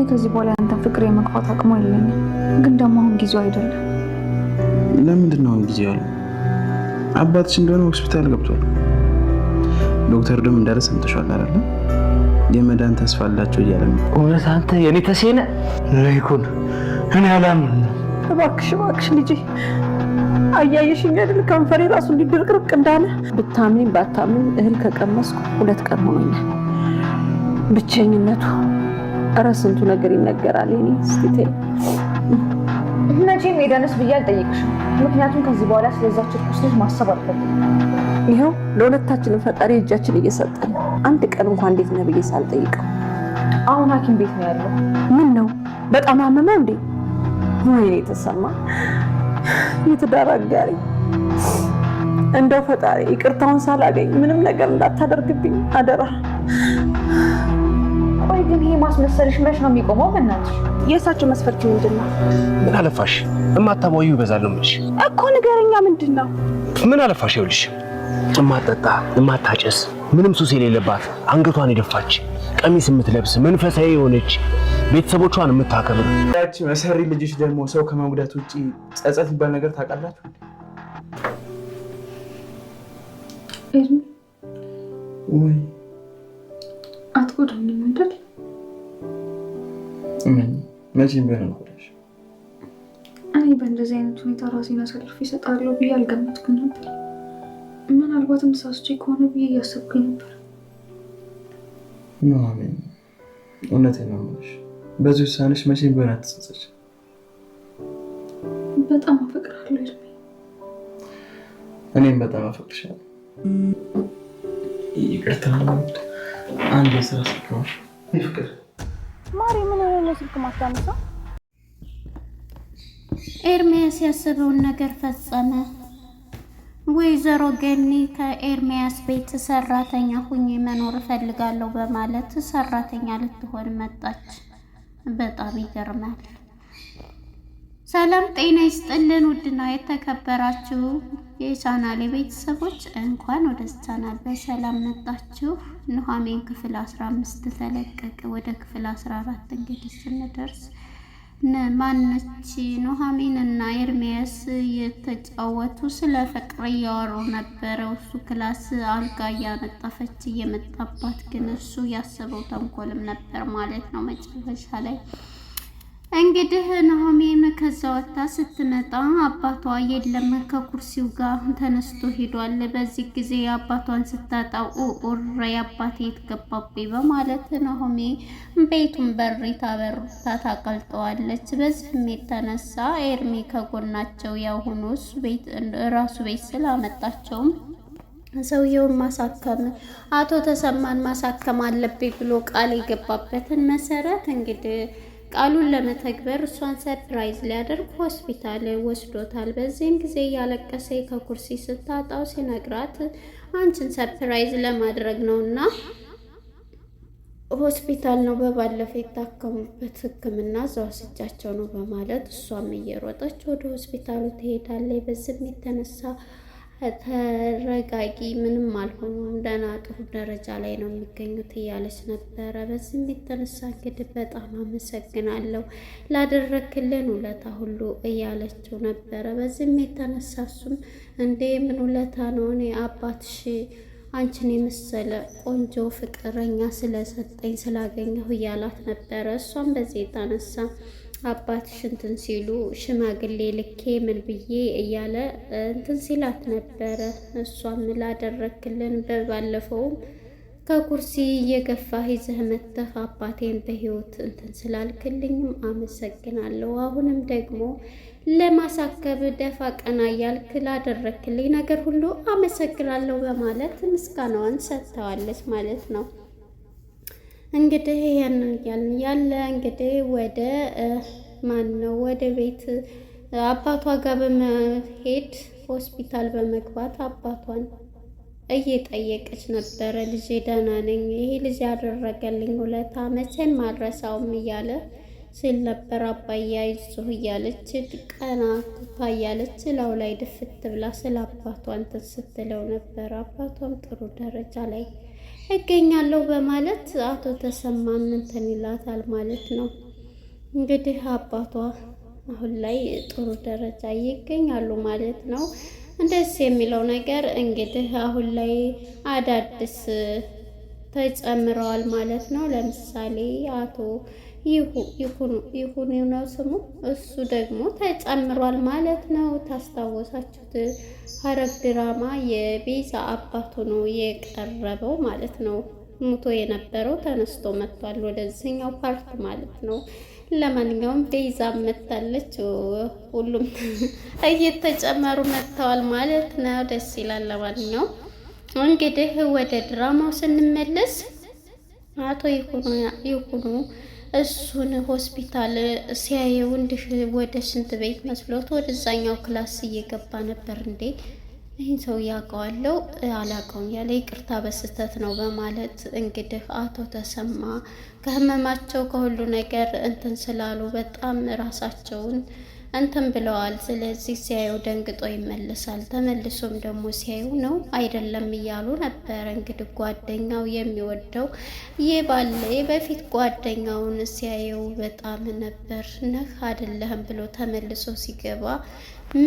እኔ ከዚህ በኋላ ያንተን ፍቅር የመግፋት አቅሙ የለኝም። ግን ደግሞ አሁን ጊዜው አይደለም። ለምንድን ነው አሁን ጊዜ ያለ? አባትሽ እንደሆነ ሆስፒታል ገብቷል። ዶክተር ደም እንዳለ ሰምተሻል አይደለም? የመዳን ተስፋ አላቸው እያለ እውነት አንተ የኔ ተሴነ ለይኩን እኔ አላምን። እባክሽ እባክሽ ልጄ አያየሽኝ አይደል? ከንፈሬ ራሱ እንዲድርቅርቅ እንዳለ። ብታምኝ ባታምኝ እህል ከቀመስኩ ሁለት ቀን ሆኖኛል። ብቸኝነቱ እረ ስንቱ ነገር ይነገራል። ኔ ስቴ መቼም ሄደንስ ብዬ አልጠይቅሽም፣ ምክንያቱም ከዚህ በኋላ ስለዛች ርኩስ ልጅ ማሰብ አልፈልግም። ይኸው ለሁለታችንም ፈጣሪ እጃችን እየሰጠን አንድ ቀን እንኳን እንዴት ነህ ብዬ ሳልጠይቀው አሁን ሐኪም ቤት ነው ያለው። ምን ነው በጣም አመመው እንዴ? ወይኔ የተሰማ የትዳር አጋሪ እንደው ፈጣሪ ይቅርታውን ሳላገኝ ምንም ነገር እንዳታደርግብኝ አደራ። ግን ይሄ ማስመሰልሽ መች ነው የሚቆመው? በእናትሽ የእሳቸው መስፈርት ምንድን ነው? ምን አለፋሽ እማታባዩ ይበዛል ነው የምልሽ እኮ። ንገረኛ ምንድን ነው? ምን አለፋሽ ይኸውልሽ፣ እማጠጣ እማታጨስ፣ ምንም ሱስ የሌለባት አንገቷን የደፋች ቀሚስ የምትለብስ መንፈሳዊ የሆነች ቤተሰቦቿን የምታከብር ያቺ መሰሪ ልጅሽ ደግሞ ሰው ከመጉዳት ውጭ ጸጸት ይባል ነገር ታውቃላችሁ? ወይ አትጎዳኝም አይደል? መቼም ቢሆን አልጎዳሽ። እኔ በእንደዚህ አይነት ሁኔታ ራሴን አሳልፌ ይሰጣለሁ ብዬ አልገመትኩም ነበር። ምናልባትም ሳስቼ ከሆነ ብዬ እያሰብኩኝ ነበር። ኑሐሚን፣ እውነቴን ነው የምልሽ፣ በዚህ ውሳኔሽ መቼም ቢሆን አትጸጸች። በጣም አፈቅርሃለሁ እድሜ። እኔም በጣም አፈቅርሻለሁ። ይቅርታ አንድ የስራ ስልክ ነው ፍቅር ማሪ ነው ስልክ ማስታምሰው። ኤርሚያስ ያሰበውን ነገር ፈጸመ። ወይዘሮ ገኒ ከኤርሚያስ ቤት ሰራተኛ ሁኜ መኖር እፈልጋለሁ በማለት ሰራተኛ ልትሆን መጣች። በጣም ይገርማል። ሰላም ጤና ይስጥልን። ውድና የተከበራችሁ የቻናሌ ቤተሰቦች እንኳን ወደ ቻናል በሰላም መጣችሁ። ኑሐሚን ክፍል 15 ተለቀቀ። ወደ ክፍል 14 እንግዲህ ስንደርስ ማነች ኑሐሚን እና ኤርሚያስ እየተጫወቱ ስለ ፍቅር እያወሩ ነበረ። እሱ ክላስ አልጋ እያነጠፈች እየመጣባት፣ ግን እሱ ያሰበው ተንኮልም ነበር ማለት ነው መጨረሻ ላይ እንግዲህ ናሆሜም ከዛ ወጥታ ስትመጣ አባቷ የለም ከኩርሲው ጋር ተነስቶ ሄዷል። በዚህ ጊዜ አባቷን ስታጣው ኡር የአባቴ የት ገባብኝ በማለት ናሆሜ ቤቱን በር ታበሩታ ታቀልጠዋለች። በዚህም የተነሳ ኤርሜ ከጎናቸው ያሁኑ ራሱ ቤት ስላመጣቸውም ሰውየውን ማሳከም አቶ ተሰማን ማሳከም አለብኝ ብሎ ቃል የገባበትን መሰረት እንግዲህ ቃሉን ለመተግበር እሷን ሰርፕራይዝ ሊያደርግ ሆስፒታል ወስዶታል። በዚህም ጊዜ እያለቀሰ ከኩርሲ ስታጣው ሲነግራት አንቺን ሰርፕራይዝ ለማድረግ ነው እና ሆስፒታል ነው በባለፈ የታከሙበት ሕክምና እዛ ወስጃቸው ነው በማለት እሷም እየሮጠች ወደ ሆስፒታሉ ትሄዳለች። በዚህም የተነሳ ተረጋጊ፣ ምንም አልሆኑም፣ ደህና ጥሩ ደረጃ ላይ ነው የሚገኙት እያለች ነበረ። በዚህም የተነሳ እንግዲህ በጣም አመሰግናለሁ ላደረክልን ውለታ ሁሉ እያለችው ነበረ። በዚህም የተነሳ እሱም እንዴ ምን ውለታ ነው እኔ አባትሽ አንቺን የመሰለ ቆንጆ ፍቅረኛ ስለሰጠኝ ስላገኘሁ እያላት ነበረ። እሷም በዚህ የተነሳ አባትሽ እንትን ሲሉ ሽማግሌ ልኬ ምን ብዬ እያለ እንትን ሲላት ነበረ። እሷም ላደረክልን በባለፈውም ከኩርሲ እየገፋ ይዘህ መተህ አባቴን በህይወት እንትን ስላልክልኝም አመሰግናለሁ። አሁንም ደግሞ ለማሳከብ ደፋ ቀና እያልክ ላደረክልኝ ነገር ሁሉ አመሰግናለሁ በማለት ምስጋናዋን ሰጥተዋለች ማለት ነው። እንግዲህ ያንን እያልን ያለ እንግዲህ ወደ ማን ነው ወደ ቤት አባቷ ጋር በመሄድ ሆስፒታል በመግባት አባቷን እየጠየቀች ነበረ። ልጄ ደህና ነኝ፣ ይሄ ልጅ ያደረገልኝ ውለታ መቼም አልረሳውም እያለ ሲል ነበር። አባዬ አይዞህ እያለች ቀና ትታያለች። ላው ላይ ድፍት ብላ ስለ አባቷ እንትን ስትለው ነበር። አባቷም ጥሩ ደረጃ ላይ እገኛለሁ በማለት አቶ ተሰማን እንትን ይላታል ማለት ነው። እንግዲህ አባቷ አሁን ላይ ጥሩ ደረጃ ይገኛሉ ማለት ነው። እንደስ የሚለው ነገር እንግዲህ አሁን ላይ አዳዲስ ተጨምረዋል ማለት ነው። ለምሳሌ አቶ ይሁኑ ነው ስሙ፣ እሱ ደግሞ ተጨምሯል ማለት ነው። ታስታወሳችሁት ሐረግ ድራማ የቤዛ አባቱ ነው የቀረበው ማለት ነው። ሙቶ የነበረው ተነስቶ መጥቷል ወደዚህኛው ፓርት ማለት ነው። ለማንኛውም ቤዛ መታለች፣ ሁሉም እየተጨመሩ መጥተዋል ማለት ነው። ደስ ይላል። ለማንኛውም እንግዲህ ወደ ድራማው ስንመለስ አቶ ይሁኑ ይሁኑ እሱን ሆስፒታል ሲያየው እንዲህ ወደ ሽንት ቤት መስሎት ወደዛኛው ክላስ እየገባ ነበር። እንዴ ይህን ሰው ያውቀዋለው አላውቀውም ያለ ይቅርታ በስህተት ነው በማለት እንግዲህ አቶ ተሰማ ከህመማቸው ከሁሉ ነገር እንትን ስላሉ በጣም ራሳቸውን እንትን ብለዋል። ስለዚህ ሲያየው ደንግጦ ይመለሳል። ተመልሶም ደግሞ ሲያዩ ነው አይደለም እያሉ ነበረ። እንግዲህ ጓደኛው የሚወደው ይህ ባለ በፊት ጓደኛውን ሲያየው በጣም ነበር ነህ አይደለህም ብሎ ተመልሶ ሲገባ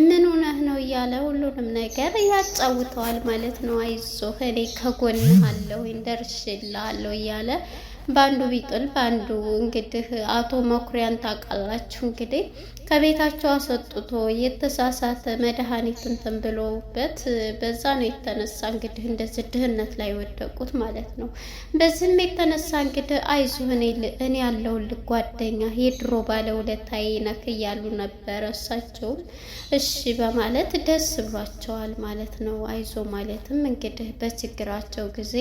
ምን ሆነህ ነው እያለ ሁሉንም ነገር ያጫውተዋል ማለት ነው። አይዞህ እኔ ከጎንህ አለሁ እንደርሽልሃለሁ እያለ በአንዱ ቢጥል በአንዱ እንግዲህ አቶ መኩሪያን ታውቃላችሁ እንግዲህ ከቤታቸው አሰጥቶ የተሳሳተ መድኃኒትን ተንብሎበት በዛ ነው የተነሳ እንግዲህ እንደዚህ ድህነት ላይ ወደቁት ማለት ነው። በዚህም የተነሳ እንግዲህ አይዞህ እኔ ያለውን ጓደኛ፣ የድሮ ባለውለታዬ ነክ እያሉ ነበረ። እሳቸውም እሺ በማለት ደስ ብሏቸዋል ማለት ነው። አይዞ ማለትም እንግዲህ በችግራቸው ጊዜ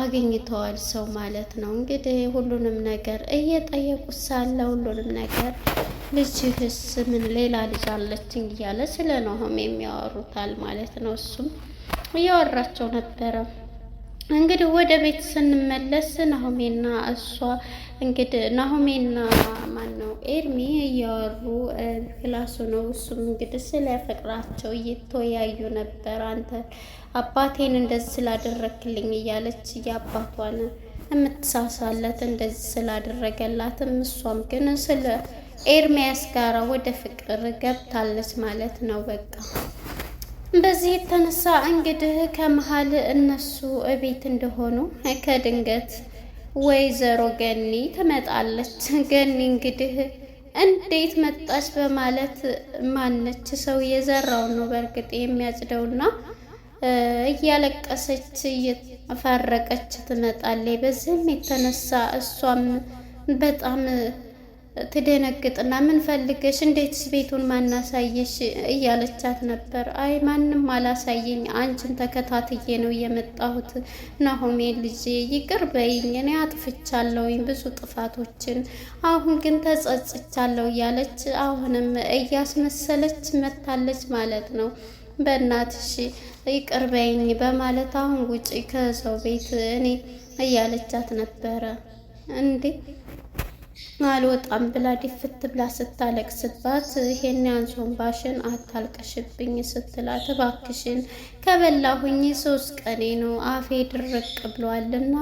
አግኝተዋል ሰው ማለት ነው። እንግዲህ ሁሉንም ነገር እየጠየቁት ሳለ ሁሉንም ነገር ልጅህስ ምን ሌላ ልጅ አለችኝ እያለ ስለ ኑሃም የሚያወሩታል ማለት ነው። እሱም እያወራቸው ነበረ። እንግዲህ ወደ ቤት ስንመለስ ናሆሜና እሷ እንግዲህ ናሆሜና ማን ነው ኤርሚ እያወሩ ክላሱ ነው። እሱም እንግዲህ ስለ ፍቅራቸው እየተወያዩ ነበር። አንተ አባቴን እንደዚህ ስላደረክልኝ እያለች የአባቷን የምትሳሳለት እንደዚህ ስላደረገላትም እሷም ግን ስለ ኤርሚያስ ጋር ወደ ፍቅር ገብታለች ማለት ነው። በቃ በዚህ የተነሳ እንግዲህ ከመሀል እነሱ እቤት እንደሆኑ ከድንገት ወይዘሮ ገኒ ትመጣለች። ገኒ እንግዲህ እንዴት መጣች በማለት ማነች ሰው የዘራውን ነው በእርግጥ የሚያጭደውና እያለቀሰች እየፈረቀች ትመጣለች። በዚህም የተነሳ እሷም በጣም ትደነግጥና ምን ፈልገሽ እንዴትስ ቤቱን ማናሳየሽ እያለቻት ነበር። አይ ማንም አላሳየኝ፣ አንቺን ተከታትዬ ነው የመጣሁት። ናሆሜ ልጄ ይቅር በይኝ፣ እኔ አጥፍቻለሁኝ ብዙ ጥፋቶችን፣ አሁን ግን ተጸጽቻለሁ እያለች አሁንም እያስመሰለች መታለች ማለት ነው። በእናትሽ ይቅር በይኝ በማለት አሁን ውጪ ከዛው ቤት እኔ እያለቻት ነበረ እንዴ አልወጣም ብላ ድፍት ብላ ስታለቅስባት ይሄን ያንሶን ባሽን አታልቀሽብኝ ስትላት እባክሽን ከበላሁኝ ሶስት ቀኔ ነው አፌ ድርቅ ብሏልና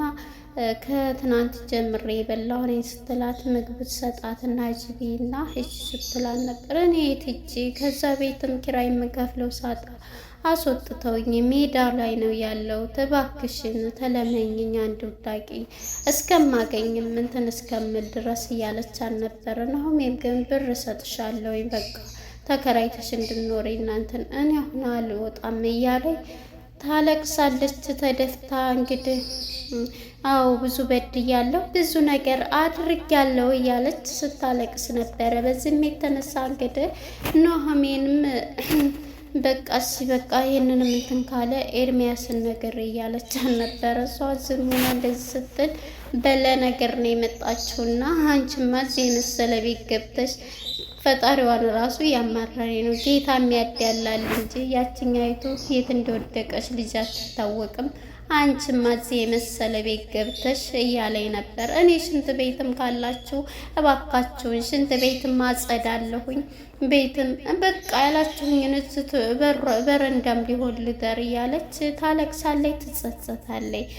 ከትናንት ጀምሬ የበላሁ ነኝ ስትላት ምግብ ሰጣት ሰጣትና ጅቢና ሂጅ ስትላት ነበር። እኔ የት ሂጅ ከዛ ቤትም ኪራይ የምከፍለው ሳጣ አስወጥተውኝ ሜዳ ላይ ነው ያለው። እባክሽን ተለመኝኝ አንድ ውዳቂ እስከማገኝም እንትን እስከምል ድረስ እያለች አልነበረ። ናሆሜም ግን ብር እሰጥሻለሁ በቃ ተከራይተሽ እንድኖሪ እናንተን እኔ አሁን አልወጣም እያለኝ ታለቅሳለች። ተደፍታ እንግዲህ አዎ ብዙ በድያለሁ፣ ብዙ ነገር አድርጊያለሁ እያለች ስታለቅስ ነበረ። በዚህም የተነሳ እንግዲህ ኑሃሚንም በቃ እሺ በቃ ይህንንም እንትን ካለ ኤርሚያስን ነገር እያለች ነበረ። እሷ ዝም ሆና እንደዚህ ስትል በለ ነገር ነው የመጣችውና አንቺማ እዚህ የመሰለ ቤት ገብተሽ ፈጣሪዋን ራሱ ያማራኝ ነው ጌታ የሚያዳላል እንጂ ያችኛይቱ የት እንደወደቀች ልጅ አትታወቅም። አንቺ ማዚ የመሰለ ቤት ገብተሽ እያለኝ ነበር። እኔ ሽንት ቤትም ካላችሁ እባካችሁን ሽንት ቤትም አጸዳለሁኝ ቤትም በቃ ያላችሁኝ ያላችሁኝን በረንዳም ቢሆን ልደር እያለች ታለቅሳለች፣ ትጸጸታለች።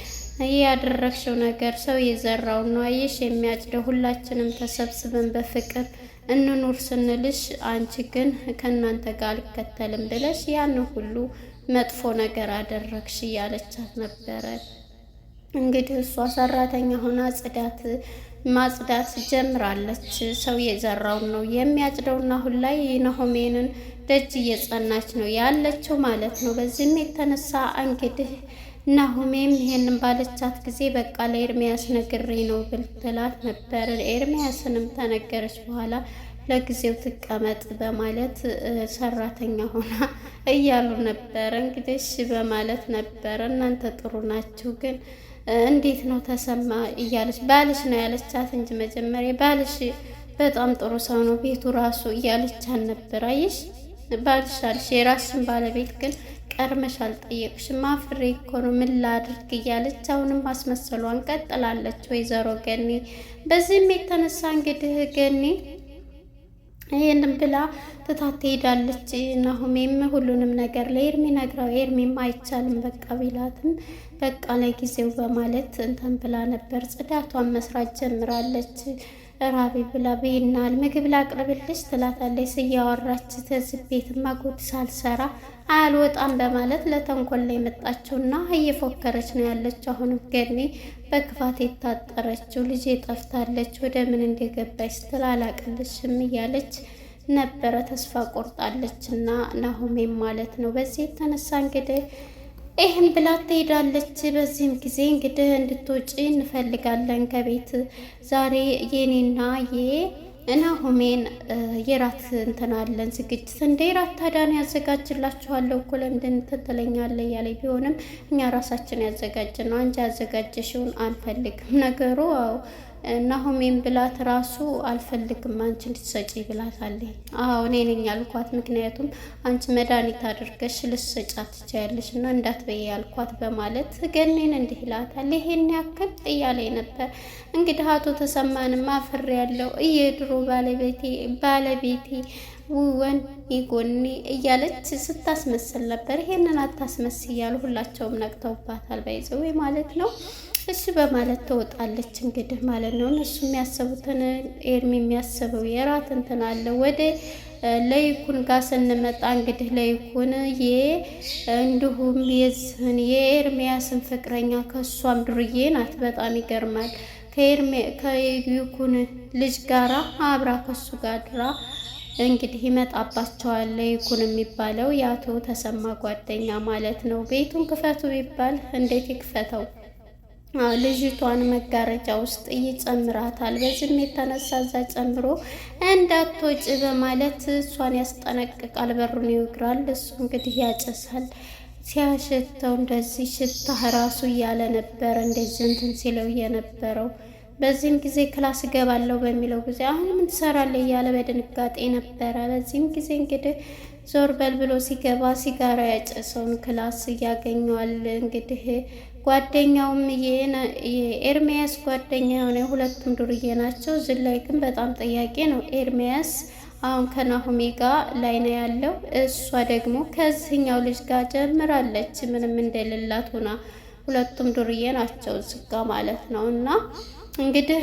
ያደረግሽው ነገር ሰው የዘራውን ነው አየሽ የሚያጭደው። ሁላችንም ተሰብስበን በፍቅር እንኑር ስንልሽ አንቺ ግን ከእናንተ ጋር አልከተልም ብለሽ ያን ሁሉ መጥፎ ነገር አደረግሽ እያለቻት ነበረ። እንግዲህ እሷ ሰራተኛ ሆና ጽዳት ማጽዳት ጀምራለች። ሰው የዘራውን ነው የሚያጭደውና አሁን ላይ ኑሃሚንን ደጅ እየጸናች ነው ያለችው ማለት ነው። በዚህም የተነሳ እንግዲህ ናሁሜም ይሄንን ባለቻት ጊዜ በቃ ለኤርሚያስ ነግሬ ነው ብልትላት ነበር። ኤርሚያስንም ተነገረች በኋላ ለጊዜው ትቀመጥ በማለት ሰራተኛ ሆና እያሉ ነበር። እንግዲህ በማለት ነበር እናንተ ጥሩ ናችሁ ግን እንዴት ነው ተሰማ እያለች ባልሽ ነው ያለቻት እንጂ መጀመሪያ ባልሽ በጣም ጥሩ ሰው ነው ቤቱ ራሱ እያለች ነበር። አየሽ ባልሽ አልሽ የራስሽን ባለቤት ግን ቀድመሽ አልጠየቅሽም፣ አፍሬ እኮ ነው ምን ላድርግ እያለች አሁንም ማስመሰሏን ቀጥላለች ወይዘሮ ገኒ። በዚህም የተነሳ እንግዲህ ገኒ ይህንም ብላ ትታት ትሄዳለች። ናሁሜም ሁሉንም ነገር ለኤርሚ ነግረው ኤርሚም አይቻልም በቃ ቢላትም በቃ ለጊዜው በማለት እንትን ብላ ነበር። ጽዳቷን መስራት ጀምራለች። ራቢ ብላ ብይናል ምግብ ላቅርብልሽ ትላታለች። ስያወራች ተዚህ ቤትማ ጉድ ሳልሰራ አልወጣም በማለት ለተንኮል ላይ መጣችውና እየፎከረች ነው ያለች አሁንም ገኔ በክፋት የታጠረችው ልጄ ጠፍታለች ወደ ምን እንደገባች ስትላላቅልሽም እያለች ነበረ ተስፋ ቆርጣለች እና ናሆሜም ማለት ነው። በዚህ የተነሳ እንግዲህ ይህም ብላ ትሄዳለች። በዚህም ጊዜ እንግዲህ እንድትወጪ እንፈልጋለን ከቤት ዛሬ የኔና እና የናሆሜን የራት እንትን ዝግጅት። እንደ የራት ታዳን ያዘጋጅላችኋለሁ እኮ ለምንድን ትተለኛለ እያለ ቢሆንም እኛ ራሳችን ያዘጋጅ ነው እንጂ ያዘጋጀሽውን አንፈልግም ነገሩ። አዎ ናሆሜም ብላት ራሱ አልፈልግም አንቺ እንድትሰጪ ብላታለች። አዎ እኔ ነኝ አልኳት። ምክንያቱም አንቺ መድኃኒት አድርገሽ ልትሰጫት ትችያለሽ እና እንዳትበይ ያልኳት በማለት ገኔን እንዲህ ይላታል። ይሄን ያክል እያለኝ ነበር እንግዲህ አቶ ተሰማንም አፍሬ ያለው እየድሮ ባለቤቴ ባለቤቴ ውወን ይጎኒ እያለች ስታስመስል ነበር። ይሄንን አታስመስ እያሉ ሁላቸውም ነቅተውባታል። ባይዘዌ ማለት ነው እሺ በማለት ትወጣለች። እንግዲህ ማለት ነው እነሱ የሚያሰቡትን ኤርሚ የሚያስበው የራት እንትን አለ። ወደ ለይኩን ጋር ስንመጣ እንግዲህ ለይኩን እንዲሁም የዝህን የኤርሚያስን ፍቅረኛ ከእሷም ድርዬ ናት። በጣም ይገርማል። ከይኩን ልጅ ጋራ አብራ ከሱ ጋር ድራ እንግዲህ ይመጣባቸዋል። ለይኩን የሚባለው የአቶ ተሰማ ጓደኛ ማለት ነው። ቤቱን ክፈቱ ቢባል እንዴት ይክፈተው? ልጅቷን መጋረጃ ውስጥ ይጨምራታል። በዚህም የተነሳ እዛ ጨምሮ እንዳትወጪ በማለት እሷን ያስጠነቅቃል። በሩን ይወግራል። እሱ እንግዲህ ያጨሳል። ሲያሸተው እንደዚህ ሽታ ራሱ እያለ ነበር እንደዚህ እንትን ሲለው እየነበረው በዚህም ጊዜ ክላስ እገባለሁ በሚለው ጊዜ አሁን ምን ትሰራለህ እያለ በድንጋጤ ነበረ። በዚህም ጊዜ እንግዲህ ዞር በል ብሎ ሲገባ ሲጋራ ያጨሰውን ክላስ እያገኘዋል እንግዲህ ጓደኛውም የኤርሚያስ ጓደኛ የሆነ ሁለቱም ዱርዬ ናቸው። እዚህ ላይ ግን በጣም ጥያቄ ነው። ኤርሚያስ አሁን ከናሆሜ ጋር ላይ ነው ያለው። እሷ ደግሞ ከዚህኛው ልጅ ጋር ጀምራለች ምንም እንደሌላት ሆና ሁለቱም ዱርዬ ናቸው ዝጋ ማለት ነው። እና እንግዲህ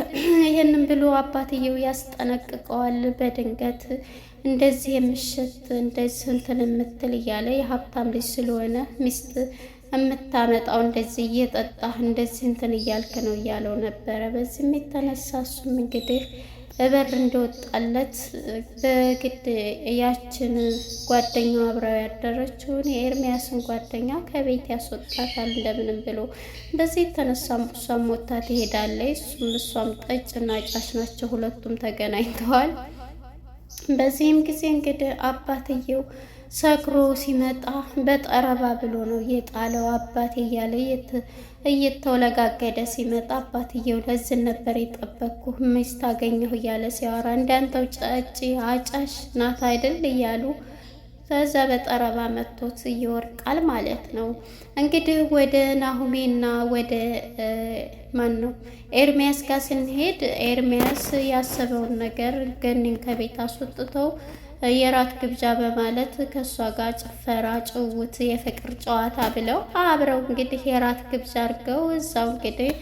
ይህንን ብሎ አባትየው ያስጠነቅቀዋል። በድንገት እንደዚህ የምሽት እንደዚህ እንትን የምትል እያለ የሀብታም ልጅ ስለሆነ ሚስት የምታመጣው እንደዚህ እየጠጣህ እንደዚህ እንትን እያልክ ነው እያለው ነበረ። በዚህም የተነሳ እሱም እንግዲህ እበር እንደወጣለት በግድ ያችን ጓደኛው አብረው ያደረችውን የኤርሚያስን ጓደኛ ከቤት ያስወጣታል እንደምንም ብሎ። በዚህ የተነሳም እሷም ወታ ትሄዳለች። እሱም እሷም ጠጭ ጫሽ ናቸው፣ ሁለቱም ተገናኝተዋል። በዚህም ጊዜ እንግዲህ አባትየው ሰክሮ ሲመጣ በጠረባ ብሎ ነው የጣለው አባቴ እያለ እየተወለጋገደ ሲመጣ አባትየው ለዝን ነበር የጠበቅኩ ሚስት አገኘሁ እያለ ሲያወራ እንዳንተው ጫጭ አጫሽ ናት አይደል እያሉ ከዛ በጠረባ መቶት ይወርቃል ማለት ነው። እንግዲህ ወደ ናሁሜና ወደ ማን ነው ኤርሚያስ ጋር ስንሄድ ኤርሚያስ ያሰበውን ነገር ገኒን ከቤት አስወጥተው የራት ግብዣ በማለት ከእሷ ጋር ጭፈራ፣ ጭውት፣ የፍቅር ጨዋታ ብለው አብረው እንግዲህ የራት ግብዣ አድርገው እዛው እንግዲህ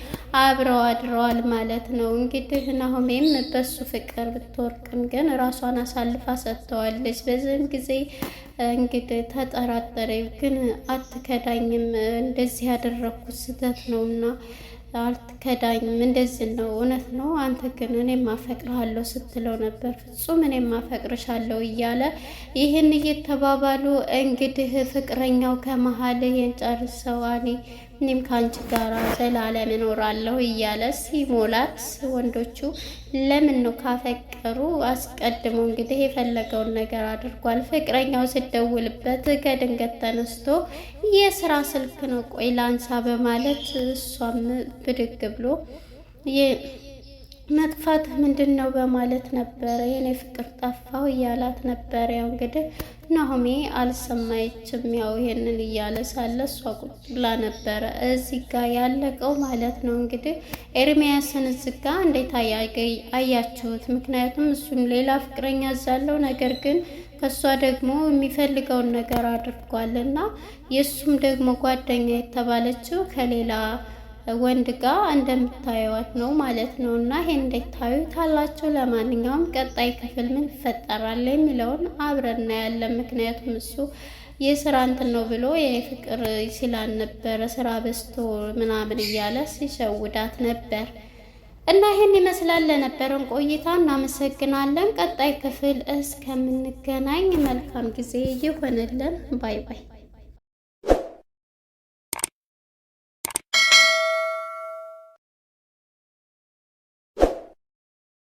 አብረው አድረዋል ማለት ነው። እንግዲህ ናሆሜም በሱ ፍቅር ብትወርቅም ግን ራሷን አሳልፋ ሰጥተዋለች። በዚህም ጊዜ እንግዲህ ተጠራጠረ፣ ግን አትከዳኝም እንደዚህ ያደረግኩት ስህተት ነውና አልትከዳኝም እንደዚህ ነው እውነት ነው። አንተ ግን እኔ ማፈቅርሃለሁ ስትለው ነበር። ፍጹም እኔ ማፈቅርሻለሁ እያለ ይህን እየተባባሉ እንግዲህ ፍቅረኛው ከመሀል የንጨርሰዋኔ እኔም ከአንቺ ጋር ዘላለም እኖራለሁ እያለ ሲሞላት ወንዶቹ ለምን ነው ካፈቀሩ አስቀድሞ እንግዲህ የፈለገውን ነገር አድርጓል። ፍቅረኛው ስደውልበት ከድንገት ተነስቶ የስራ ስልክ ነው ቆይ ላንሳ በማለት እሷም ብድግ ብሎ መጥፋት ምንድን ነው በማለት ነበረ የኔ ፍቅር ጠፋው እያላት ነበረ። ያው እንግዲህ ናሆሜ አልሰማይችም። ያው ይሄንን እያለ ሳለ እሷ ቁጭ ብላ ነበረ። እዚህ ጋ ያለቀው ማለት ነው እንግዲህ ኤርሚያስን እዚህ ጋ እንዴት አያችሁት? ምክንያቱም እሱም ሌላ ፍቅረኛ እዛለው ነገር ግን ከእሷ ደግሞ የሚፈልገውን ነገር አድርጓል እና የእሱም ደግሞ ጓደኛ የተባለችው ከሌላ ወንድ ጋር እንደምታዩት ነው ማለት ነው። እና ይሄን እንደታዩት አላችሁ ለማንኛውም ቀጣይ ክፍል ምን ይፈጠራል የሚለውን አብረን እናያለን። ምክንያቱም እሱ የስራ እንትን ነው ብሎ የፍቅር ሲላን ነበረ ስራ በስቶ ምናምን እያለ ሲሸውዳት ነበር። እና ይህን ይመስላል። ለነበረን ቆይታ እናመሰግናለን። ቀጣይ ክፍል እስከምንገናኝ መልካም ጊዜ ይሆንልን። ባይ ባይ።